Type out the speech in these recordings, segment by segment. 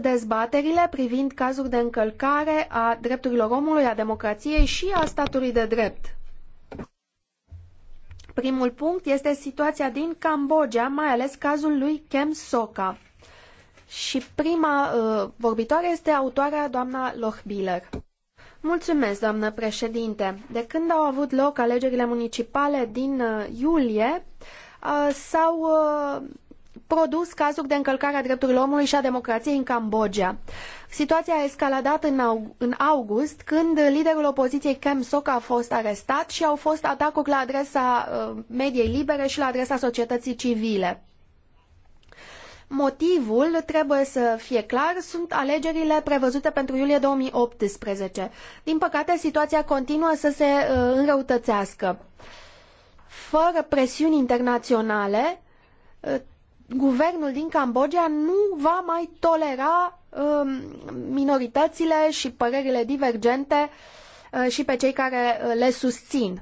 dezbaterile privind cazuri de încălcare a drepturilor omului, a democrației și a statului de drept. Primul punct este situația din Cambodgia, mai ales cazul lui Kem Soka. Și prima uh, vorbitoare este autoarea doamna Lochbiller. Mulțumesc, doamnă președinte. De când au avut loc alegerile municipale din uh, iulie, uh, s-au uh, produs cazuri de încălcare a drepturilor omului și a democrației în Cambodgia. Situația a escaladat în august, când liderul opoziției Kem Sok a fost arestat și au fost atacuri la adresa uh, mediei libere și la adresa societății civile. Motivul, trebuie să fie clar, sunt alegerile prevăzute pentru iulie 2018. Din păcate, situația continuă să se uh, înrăutățească. Fără presiuni internaționale, uh, guvernul din Cambodgia nu va mai tolera um, minoritățile și părerile divergente uh, și pe cei care uh, le susțin.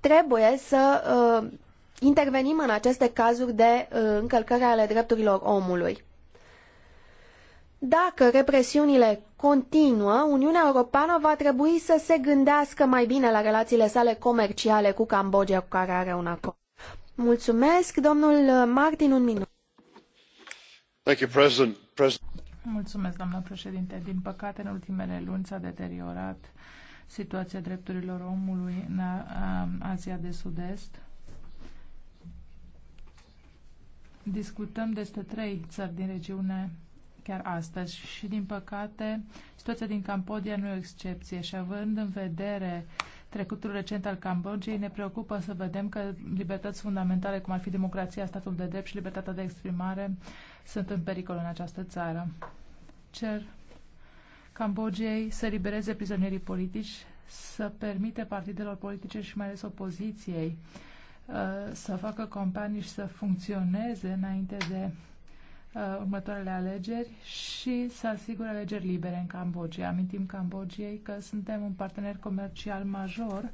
Trebuie să uh, intervenim în aceste cazuri de încălcări ale drepturilor omului. Dacă represiunile continuă, Uniunea Europeană va trebui să se gândească mai bine la relațiile sale comerciale cu Cambodgia, cu care are un acord. Mulțumesc, domnul Martin, un minut. Mulțumesc, doamnă președinte. Din păcate, în ultimele luni s-a deteriorat situația drepturilor omului în uh, Asia de Sud-Est. Discutăm despre trei țări din regiune chiar astăzi și, din păcate, situația din Cambodia nu e o excepție și având în vedere uh, Trecutul recent al Cambodgiei ne preocupă să vedem că libertăți fundamentale, cum ar fi democrația, statul de drept și libertatea de exprimare, sunt în pericol în această țară. Cer Cambodgiei să libereze prizonierii politici, să permite partidelor politice și mai ales opoziției uh, să facă companii și să funcționeze înainte de Uh, următoarele alegeri și să asigure alegeri libere în Cambodgia. Amintim Cambodgiei că suntem un partener comercial major.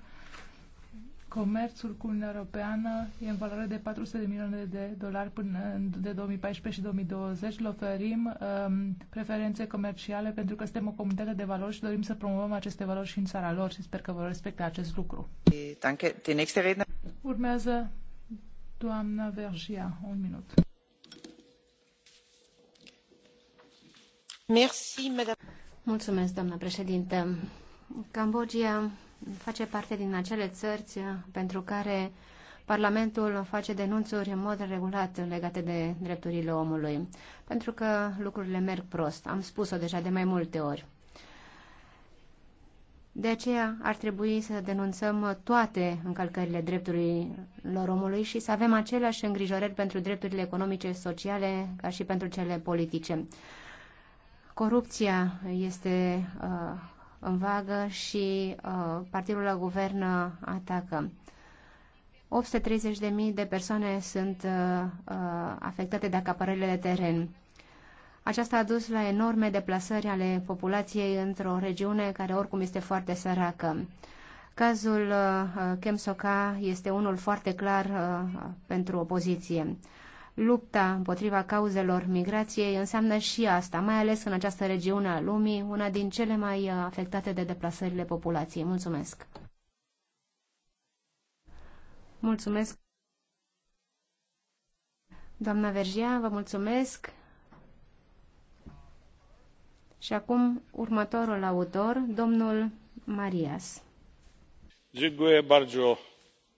Comerțul cu Uniunea Europeană e în valoare de 400 de milioane de dolari până de 2014 și 2020. Le oferim um, preferențe comerciale pentru că suntem o comunitate de valori și dorim să promovăm aceste valori și în țara lor și sper că vor respecta acest lucru. Urmează doamna Vergia, un minut. Mulțumesc, doamnă președintă. Cambodgia face parte din acele țări pentru care Parlamentul face denunțuri în mod regulat legate de drepturile omului, pentru că lucrurile merg prost. Am spus-o deja de mai multe ori. De aceea ar trebui să denunțăm toate încălcările drepturilor omului și să avem aceleași îngrijorări pentru drepturile economice, sociale, ca și pentru cele politice. Corupția este uh, în vagă și uh, partidul la guvern atacă. 830.000 de persoane sunt uh, uh afectate de acapărările de teren. Aceasta a dus la enorme deplasări ale populației într-o regiune care oricum este foarte săracă. Cazul uh, Kemsoka este unul foarte clar uh, pentru opoziție lupta împotriva cauzelor migrației înseamnă și asta, mai ales în această regiune a lumii, una din cele mai uh, afectate de deplasările populației. Mulțumesc! Mulțumesc! Doamna Vergia, vă mulțumesc! Și acum următorul autor, domnul Marias. Dziękuję bardzo,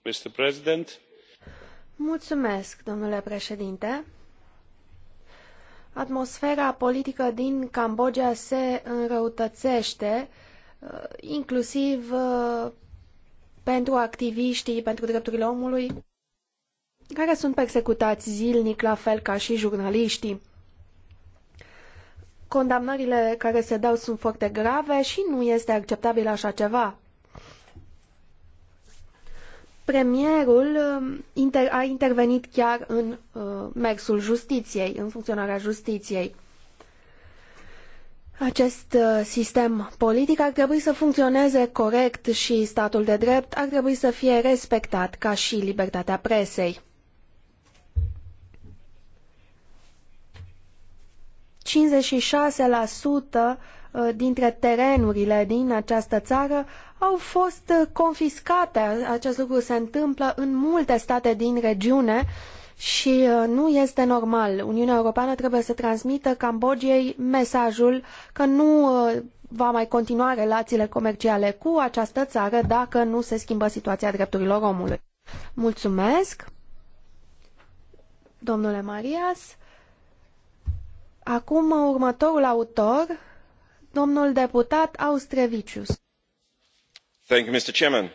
Mr. President. Mulțumesc, domnule președinte. Atmosfera politică din Cambodgia se înrăutățește, uh, inclusiv uh, pentru activiștii pentru drepturile omului, care sunt persecutați zilnic, la fel ca și jurnaliștii. Condamnările care se dau sunt foarte grave și nu este acceptabil așa ceva premierul um, inter a intervenit chiar în uh, mersul justiției, în funcționarea justiției. Acest uh, sistem politic ar trebui să funcționeze corect și statul de drept ar trebui să fie respectat ca și libertatea presei. 56% Uh, dintre terenurile din această țară au fost uh, confiscate. Acest lucru se întâmplă în multe state din regiune și uh, nu este normal. Uniunea Europeană trebuie să transmită Cambodgiei mesajul că nu va mai continua relațiile comerciale cu această țară dacă nu se schimbă situația drepturilor omului. Mulțumesc, domnule Marias. Acum următorul autor Domnul deputat Austrevicius. Thank you, Mr. Chairman.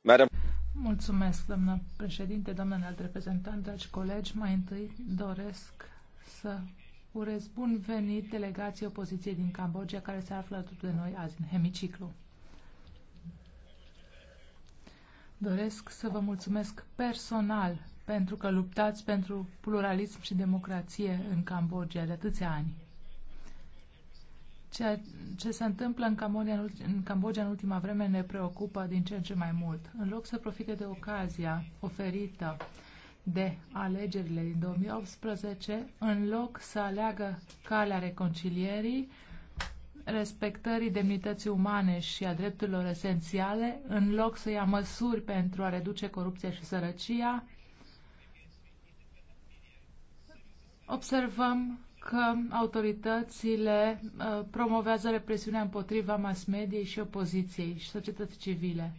Madam... Mulțumesc, doamnă președinte, doamnă înalt reprezentant, dragi colegi. Mai întâi doresc să urez bun venit delegației opoziției din Cambodgia care se află alături de noi azi în hemiciclu. Doresc să vă mulțumesc personal pentru că luptați pentru pluralism și democrație în Cambodgia de atâția ani. Ceea ce se întâmplă în Cambodgia în, în Cambodgia în ultima vreme ne preocupă din ce în ce mai mult. În loc să profite de ocazia oferită de alegerile din 2018, în loc să aleagă calea reconcilierii, respectării demnității umane și a drepturilor esențiale, în loc să ia măsuri pentru a reduce corupția și sărăcia, observăm că autoritățile uh, promovează represiunea împotriva mass mediei și opoziției și societății civile.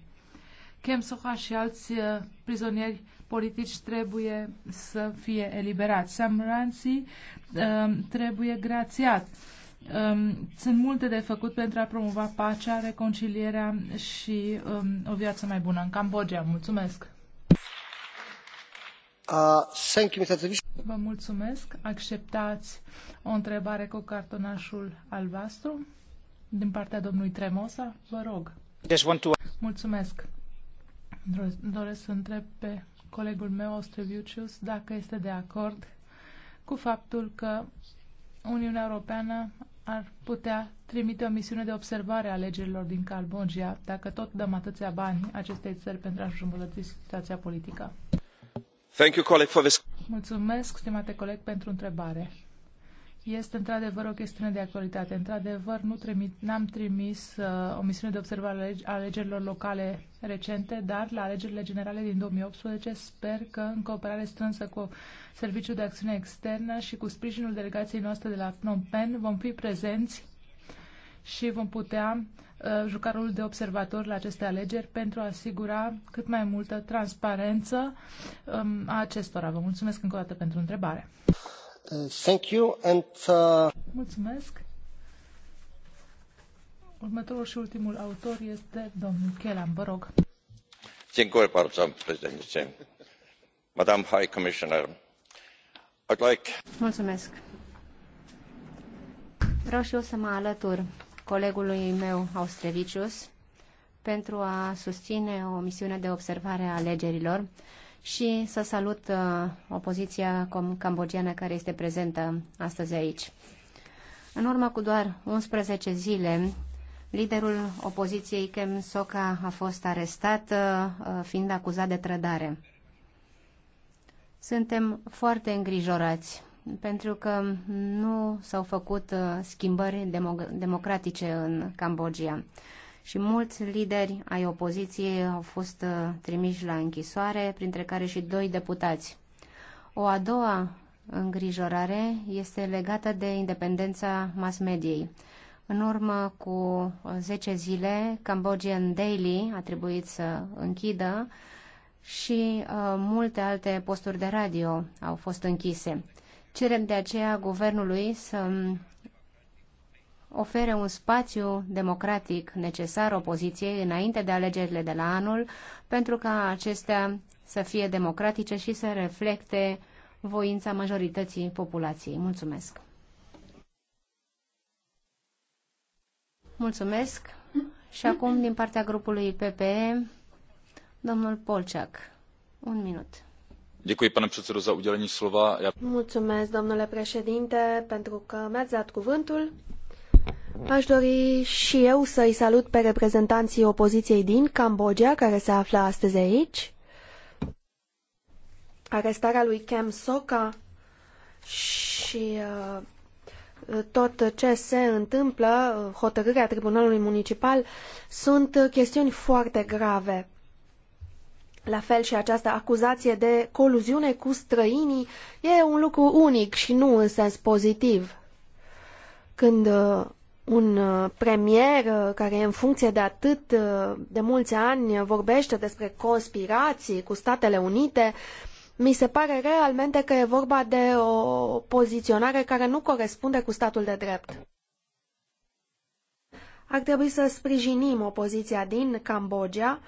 Kem Soha și alți uh, prizonieri politici trebuie să fie eliberați. Sam Ranzi uh, trebuie grațiat. Um, sunt multe de făcut pentru a promova pacea, reconcilierea și um, o viață mai bună în Cambodgia. Mulțumesc! Uh, thank you, Mr. Vă mulțumesc. Acceptați o întrebare cu cartonașul albastru din partea domnului Tremosa? Vă rog. Mulțumesc. Doresc să întreb pe colegul meu, Ostrevicius, dacă este de acord cu faptul că Uniunea Europeană ar putea trimite o misiune de observare a alegerilor din Calbongia dacă tot dăm atâția bani acestei țări pentru a-și îmbunătăți situația politică. Thank you, colleague, for this Mulțumesc, stimate coleg, pentru întrebare. Este într-adevăr o chestiune de actualitate. Într-adevăr, nu trimit, n-am trimis uh, o misiune de observare a alegerilor locale recente, dar la alegerile generale din 2018 sper că, în cooperare strânsă cu Serviciul de Acțiune Externă și cu sprijinul delegației noastre de la Phnom Penh, vom fi prezenți și vom putea uh, Uh, juca rolul de observator la aceste alegeri pentru a asigura cât mai multă transparență um, a acestora. Vă mulțumesc încă o dată pentru întrebare. Uh, thank you and, uh... Mulțumesc. Următorul și ultimul autor este domnul Chelan, vă rog. Dziękuję bardzo, președinte. Madam High Commissioner, I'd like... Mulțumesc. Vreau și eu să mă alătur colegului meu Austrevicius pentru a susține o misiune de observare a alegerilor și să salut uh, opoziția cambogiană care este prezentă astăzi aici. În urmă cu doar 11 zile, liderul opoziției Kem Soka a fost arestat, uh, uh, fiind acuzat de trădare. Suntem foarte îngrijorați pentru că nu s-au făcut uh, schimbări democratice în Cambodgia. Și mulți lideri ai opoziției au fost uh, trimiși la închisoare, printre care și doi deputați. O a doua îngrijorare este legată de independența mass-mediei. În urmă cu 10 uh, zile, Cambodian Daily a trebuit să închidă și uh, multe alte posturi de radio au fost închise. Cerem de aceea guvernului să ofere un spațiu democratic necesar opoziției înainte de alegerile de la anul, pentru ca acestea să fie democratice și să reflecte voința majorității populației. Mulțumesc! Mulțumesc! Și acum, din partea grupului PPE, domnul Polceac. Un minut pane președinte pentru că mi ați dat cuvântul. aș dori și eu să îi salut pe reprezentanții opoziției din cambodgia care se află astăzi aici. arestarea lui kem sokha și uh, tot ce se întâmplă, uh, hotărârea Tribunalului Municipal, sunt chestiuni foarte grave la fel și această acuzație de coluziune cu străinii e un lucru unic și nu în sens pozitiv. Când uh, un uh, premier uh, care e în funcție de atât de mulți ani vorbește despre conspirații cu Statele Unite, mi se pare realmente că e vorba de o poziționare care nu corespunde cu statul de drept. Ar trebui să sprijinim opoziția din Cambodgia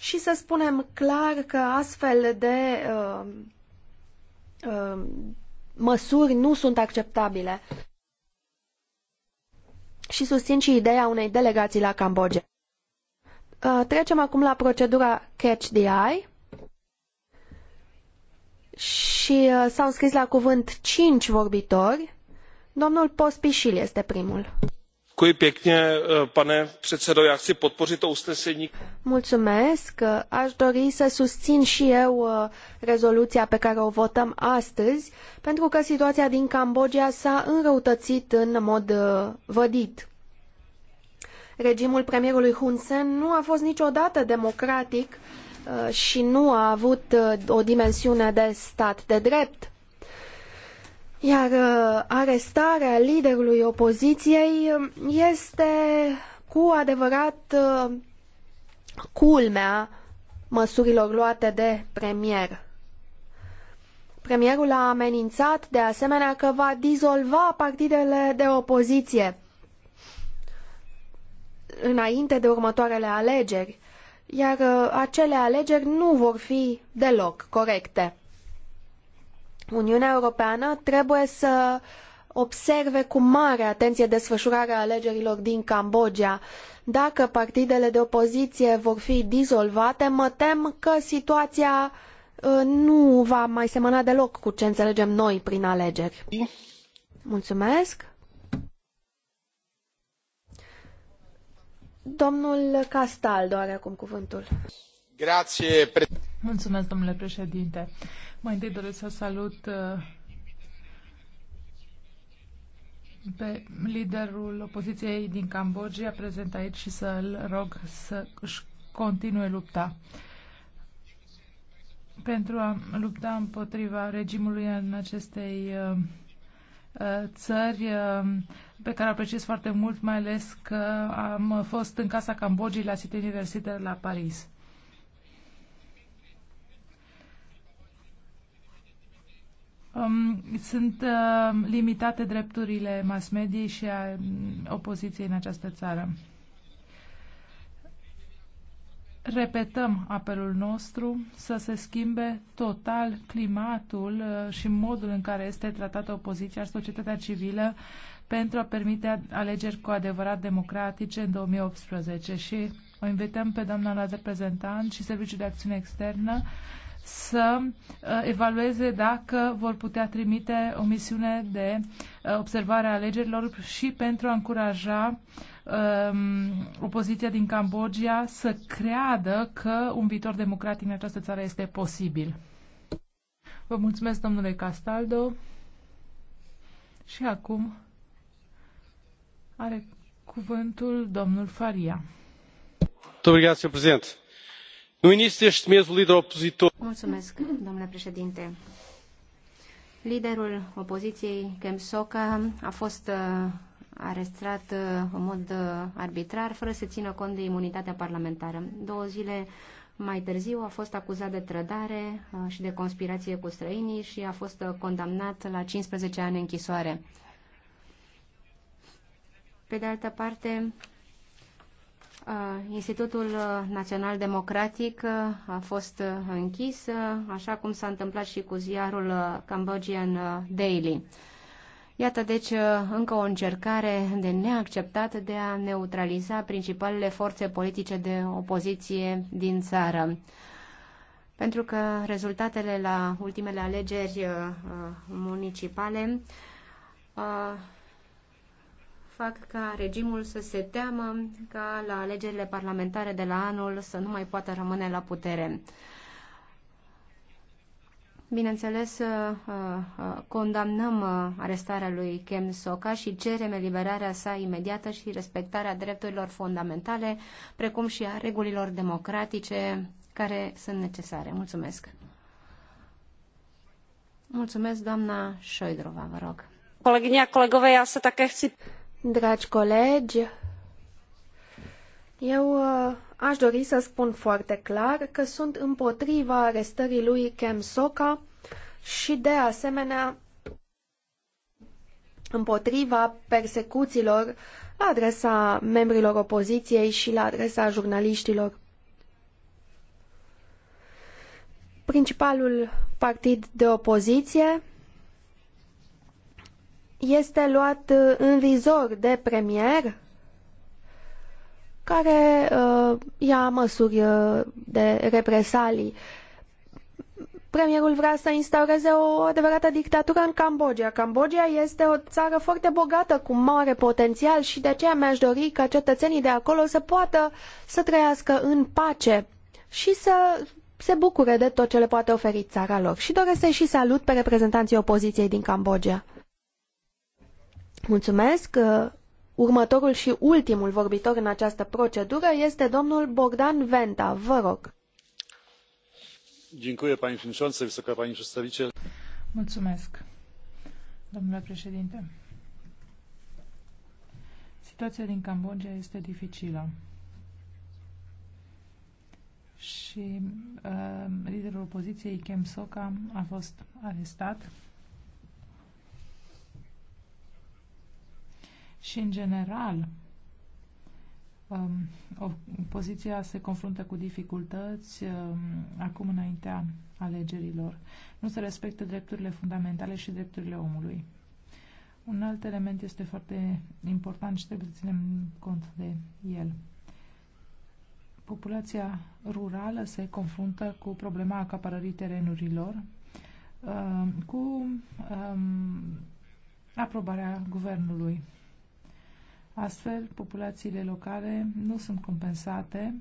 și să spunem clar că astfel de uh, uh, măsuri nu sunt acceptabile. Și susțin și ideea unei delegații la Cambodgia. Uh, trecem acum la procedura Catch the Eye. Și uh, s-au scris la cuvânt cinci vorbitori. Domnul Pospișil este primul pane președinte já chci podpořit to usnesení. aș dori să susțin și eu rezoluția pe care o votăm astăzi pentru că situația din cambodgia s a înrăutățit în mod vădit. regimul premierului hun sen nu a fost niciodată democratic și nu a avut o dimensiune de stat de drept iar uh, arestarea liderului opoziției um, este cu adevărat uh, culmea măsurilor luate de premier. Premierul a amenințat de asemenea că va dizolva partidele de opoziție înainte de următoarele alegeri, iar uh, acele alegeri nu vor fi deloc corecte. Uniunea Europeană trebuie să observe cu mare atenție desfășurarea alegerilor din Cambodgia. Dacă partidele de opoziție vor fi dizolvate, mă tem că situația uh, nu va mai semăna deloc cu ce înțelegem noi prin alegeri. Mulțumesc. Domnul Castaldo are acum cuvântul. Grazie, Mulțumesc, domnule președinte. Mai întâi doresc să salut uh, pe liderul opoziției din Cambodgia prezent aici și să-l rog să își continue lupta pentru a lupta împotriva regimului în acestei uh, uh, țări pe care apreciez foarte mult, mai ales că am fost în casa Cambodgiei la City University la Paris. um, sunt uh, limitate drepturile mass media și a mm, opoziției în această țară. Repetăm apelul nostru să se schimbe total climatul uh, și modul în care este tratată opoziția și societatea civilă pentru a permite alegeri cu adevărat democratice în 2018 și o invităm pe doamna la reprezentant și Serviciul de Acțiune Externă să uh, evalueze dacă vor putea trimite o misiune de uh, observare a alegerilor și pentru a încuraja um, opoziția din Cambodgia să creadă că un viitor democratic în această țară este posibil. Vă mulțumesc, domnule Castaldo. Și acum are cuvântul domnul Faria. Obrigado, Sr. Presidente domnule președinte. Liderul opoziției, Kem Sokha, a fost uh, arestat uh, în mod uh, arbitrar, fără să țină cont de imunitatea parlamentară. Două zile mai târziu a fost acuzat de trădare și de conspirație cu străinii și a fost condamnat la 15 ani închisoare. Pe de altă parte, Institutul uh, Național Democratic uh, a fost uh, închis, așa cum s-a întâmplat și cu ziarul Cambodian Daily. Iată deci încă o încercare de neacceptat de a neutraliza principalele forțe politice de opoziție din țară. Pentru că rezultatele la ultimele alegeri municipale fac ca regimul să se teamă ca la alegerile parlamentare de la anul să nu mai poată rămâne la putere. Bineînțeles, uh, uh, condamnăm uh, arestarea lui Kem Soka și cerem eliberarea sa imediată și respectarea drepturilor fundamentale, precum și a regulilor democratice care sunt necesare. Mulțumesc! Mulțumesc, doamna Șoidrova, vă rog. Kolegyně a kolegové, já se také chci... Dragi colegi, eu uh, aș dori să spun foarte clar că sunt împotriva arestării lui Kem Soka și de asemenea împotriva persecuțiilor la adresa membrilor opoziției și la adresa jurnaliștilor. Principalul partid de opoziție este luat uh, în vizor de premier care uh, ia măsuri uh, de represalii. Premierul vrea să instaureze o adevărată dictatură în Cambodgia. Cambodgia este o țară foarte bogată, cu mare potențial și de aceea mi-aș dori ca cetățenii de acolo să poată să trăiască în pace și să se bucure de tot ce le poate oferi țara lor. Și doresc să-i și salut pe reprezentanții opoziției din Cambodgia. Mulțumesc. Uh, următorul și ultimul vorbitor în această procedură este domnul Bogdan Venta. Vă rog. Mulțumesc, domnule președinte. Situația din Cambodgia este dificilă. Și uh, liderul opoziției, Kem Soka, a fost arestat și, în general, um, opoziția se confruntă cu dificultăți um, acum înaintea alegerilor. Nu se respectă drepturile fundamentale și drepturile omului. Un alt element este foarte important și trebuie să ținem cont de el. Populația rurală se confruntă cu problema acapărării terenurilor, um, cu aprobarea guvernului Astfel, populațiile locale nu sunt compensate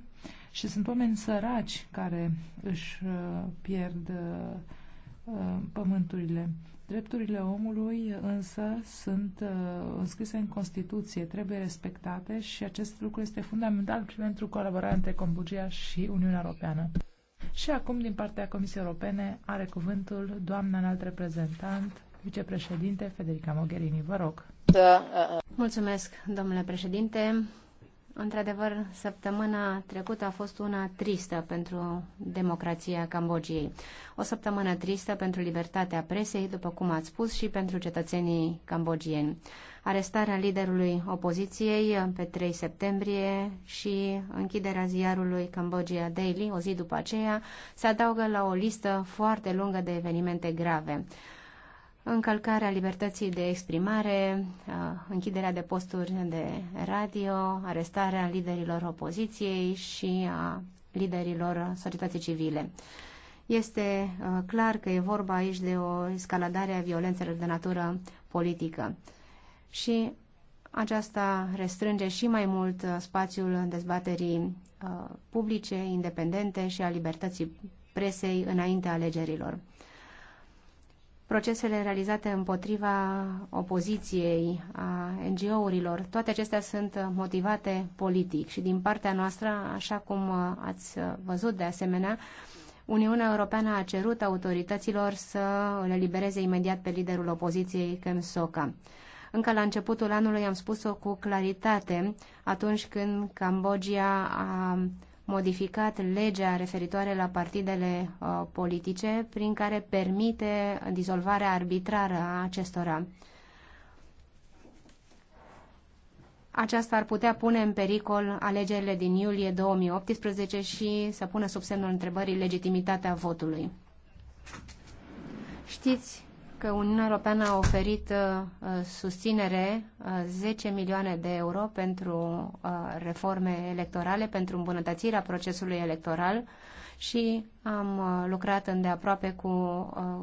și sunt oameni săraci care își uh, pierd uh, uh, pământurile. Drepturile omului însă sunt înscrise în Constituție, trebuie respectate și acest lucru este fundamental pentru colaborarea între Cambodgia și Uniunea Europeană. Și acum, din partea Comisiei Europene, are cuvântul doamna înalt reprezentant, vicepreședinte Federica Mogherini. Vă rog. Da, uh, uh. Mulțumesc, domnule președinte. Într-adevăr, săptămâna trecută a fost una tristă pentru democrația Cambodgiei. O săptămână tristă pentru libertatea presei, după cum ați spus, și pentru cetățenii cambogieni. Arestarea liderului opoziției pe 3 septembrie și închiderea ziarului Cambogia Daily o zi după aceea se adaugă la o listă foarte lungă de evenimente grave încălcarea libertății de exprimare, uh, închiderea de posturi de radio, arestarea liderilor opoziției și a liderilor societății civile. Este uh, clar că e vorba aici de o escaladare a violențelor de natură politică și aceasta restrânge și mai mult uh, spațiul dezbaterii publice, independente și a libertății presei înaintea alegerilor procesele realizate împotriva opoziției, a NGO-urilor, toate acestea sunt motivate politic și din partea noastră, așa cum ați văzut de asemenea, Uniunea Europeană a cerut autorităților să îl elibereze imediat pe liderul opoziției, Kem Soka. Încă la începutul anului am spus-o cu claritate atunci când Cambodgia a modificat legea referitoare la partidele uh, politice, prin care permite dizolvarea arbitrară a acestora. Aceasta ar putea pune în pericol alegerile din iulie 2018 și să pună sub semnul întrebării legitimitatea votului. Știți că Uniunea Europeană a oferit uh, susținere 10 uh, milioane de euro pentru uh, reforme electorale, pentru îmbunătățirea procesului electoral și am lucrat îndeaproape cu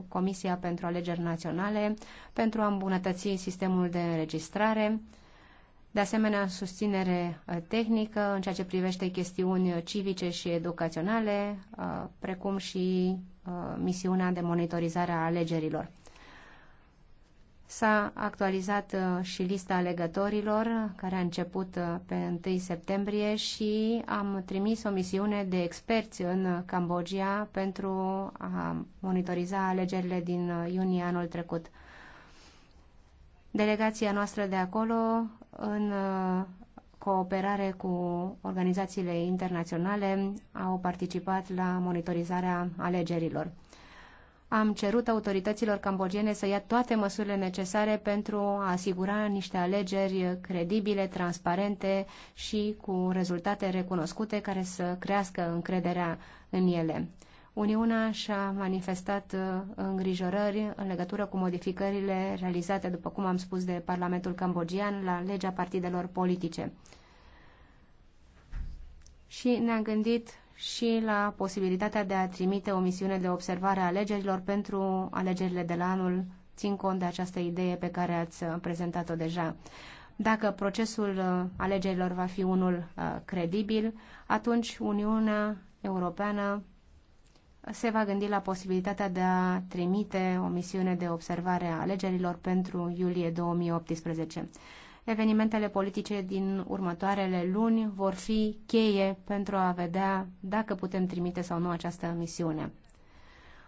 Comisia pentru Alegeri Naționale pentru a îmbunătăți sistemul de înregistrare. De asemenea, susținere tehnică în ceea ce privește chestiuni civice și educaționale, precum și misiunea de monitorizare a alegerilor. S-a actualizat uh, și lista alegătorilor, uh, care a început uh, pe 1 septembrie și am trimis o misiune de experți în Cambodgia pentru a monitoriza alegerile din iunie anul trecut. Delegația noastră de acolo, în cooperare cu organizațiile internaționale, au participat la monitorizarea alegerilor am cerut autorităților cambogiene să ia toate măsurile necesare pentru a asigura niște alegeri credibile, transparente și cu rezultate recunoscute care să crească încrederea în ele. Uniunea și-a manifestat uh, îngrijorări în legătură cu modificările realizate, după cum am spus, de Parlamentul cambogian la legea partidelor politice. Și ne-am gândit și la posibilitatea de a trimite o misiune de observare a alegerilor pentru alegerile de la anul, țin cont de această idee pe care ați uh, prezentat-o deja. Dacă procesul uh, alegerilor va fi unul uh, credibil, atunci Uniunea Europeană se va gândi la posibilitatea de a trimite o misiune de observare a alegerilor pentru iulie 2018. Evenimentele politice din următoarele luni vor fi cheie pentru a vedea dacă putem trimite sau nu această misiune.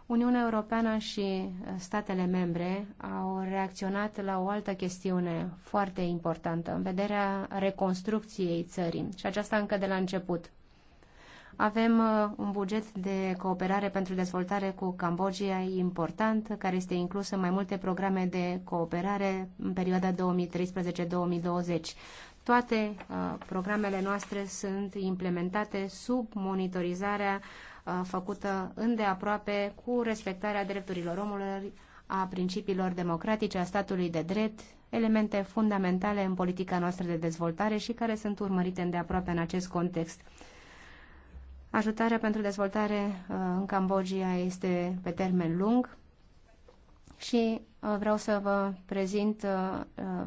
Uniunea Europeană și uh, statele membre au reacționat la o altă chestiune foarte importantă în vederea reconstrucției țării și aceasta încă de la început. Avem uh, un buget de cooperare pentru dezvoltare cu Cambodgia important, care este inclus în mai multe programe de cooperare în perioada 2013-2020. Toate uh, programele noastre sunt implementate sub monitorizarea uh, făcută îndeaproape cu respectarea drepturilor omului, a principiilor democratice, a statului de drept, elemente fundamentale în politica noastră de dezvoltare și care sunt urmărite îndeaproape în acest context. Ajutarea pentru dezvoltare uh, în Cambodgia este pe termen lung și uh, vreau să vă prezint uh,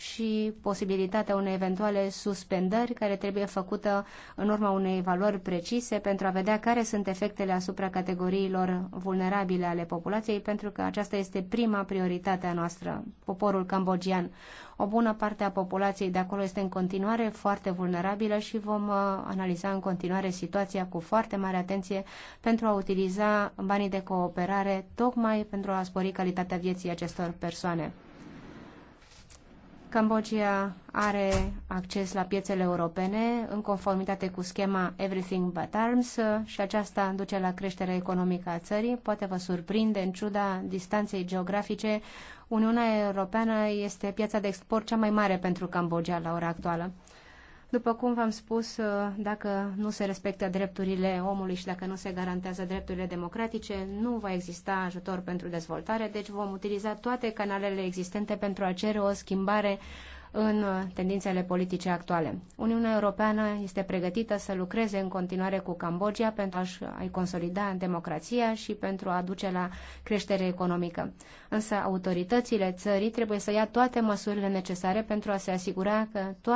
și posibilitatea unei eventuale suspendări care trebuie făcută în urma unei valori precise pentru a vedea care sunt efectele asupra categoriilor vulnerabile ale populației, pentru că aceasta este prima prioritate a noastră, poporul cambogian. O bună parte a populației de acolo este în continuare foarte vulnerabilă și vom uh, analiza în continuare situația cu foarte mare atenție pentru a utiliza banii de cooperare tocmai pentru a spori calitatea vieții acestor persoane. Cambodgia are acces la piețele europene în conformitate cu schema Everything But Arms uh, și aceasta duce la creșterea economică a țării. Poate vă surprinde, în ciuda distanței geografice, Uniunea Europeană este piața de export cea mai mare pentru Cambodgia la ora actuală. După cum v-am spus, uh, dacă nu se respectă drepturile omului și dacă nu se garantează drepturile democratice, nu va exista ajutor pentru dezvoltare, deci vom utiliza toate canalele existente pentru a cere o schimbare în uh, tendințele politice actuale. Uniunea Europeană este pregătită să lucreze în continuare cu Cambodgia pentru a-i consolida democrația și pentru a duce la creștere economică. Însă autoritățile țării trebuie să ia toate măsurile necesare pentru a se asigura că toate